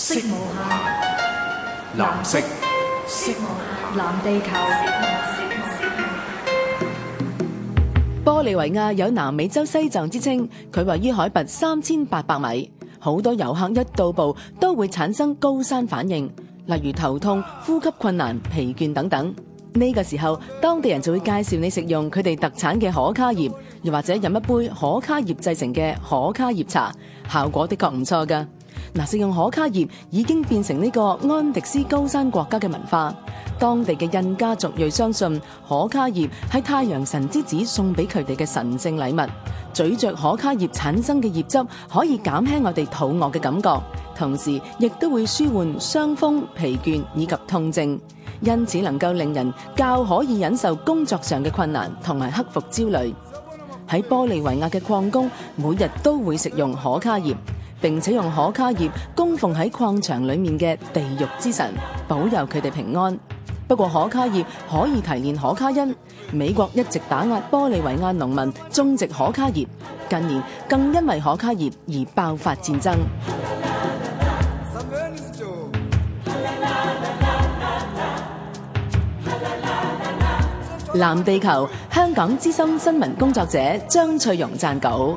色無下藍色，色下，藍地球。色色玻利維亞有南美洲西藏之稱，佢位於海拔三千八百米，好多遊客一到步都會產生高山反應，例如頭痛、呼吸困難、疲倦等等。呢、這個時候，當地人就會介紹你食用佢哋特產嘅可卡葉，又或者飲一杯可卡葉製成嘅可卡葉茶，效果的確唔錯㗎。嗱，食用可卡葉已經變成呢個安迪斯高山國家嘅文化。當地嘅印加族裔相信可卡葉係太陽神之子送俾佢哋嘅神聖禮物。咀嚼可卡葉產生嘅葉汁可以減輕我哋肚餓嘅感覺，同時亦都會舒緩傷風、疲倦以及痛症，因此能夠令人較可以忍受工作上嘅困難同埋克服焦慮。喺玻利維亞嘅礦工每日都會食用可卡葉。並且用可卡葉供奉喺礦場裏面嘅地獄之神，保佑佢哋平安。不過可卡葉可以提煉可卡因。美國一直打壓玻利維亞農民種植可卡葉，近年更因為可卡葉而爆發戰爭。藍地球，香港資深新聞工作者張翠容撰稿。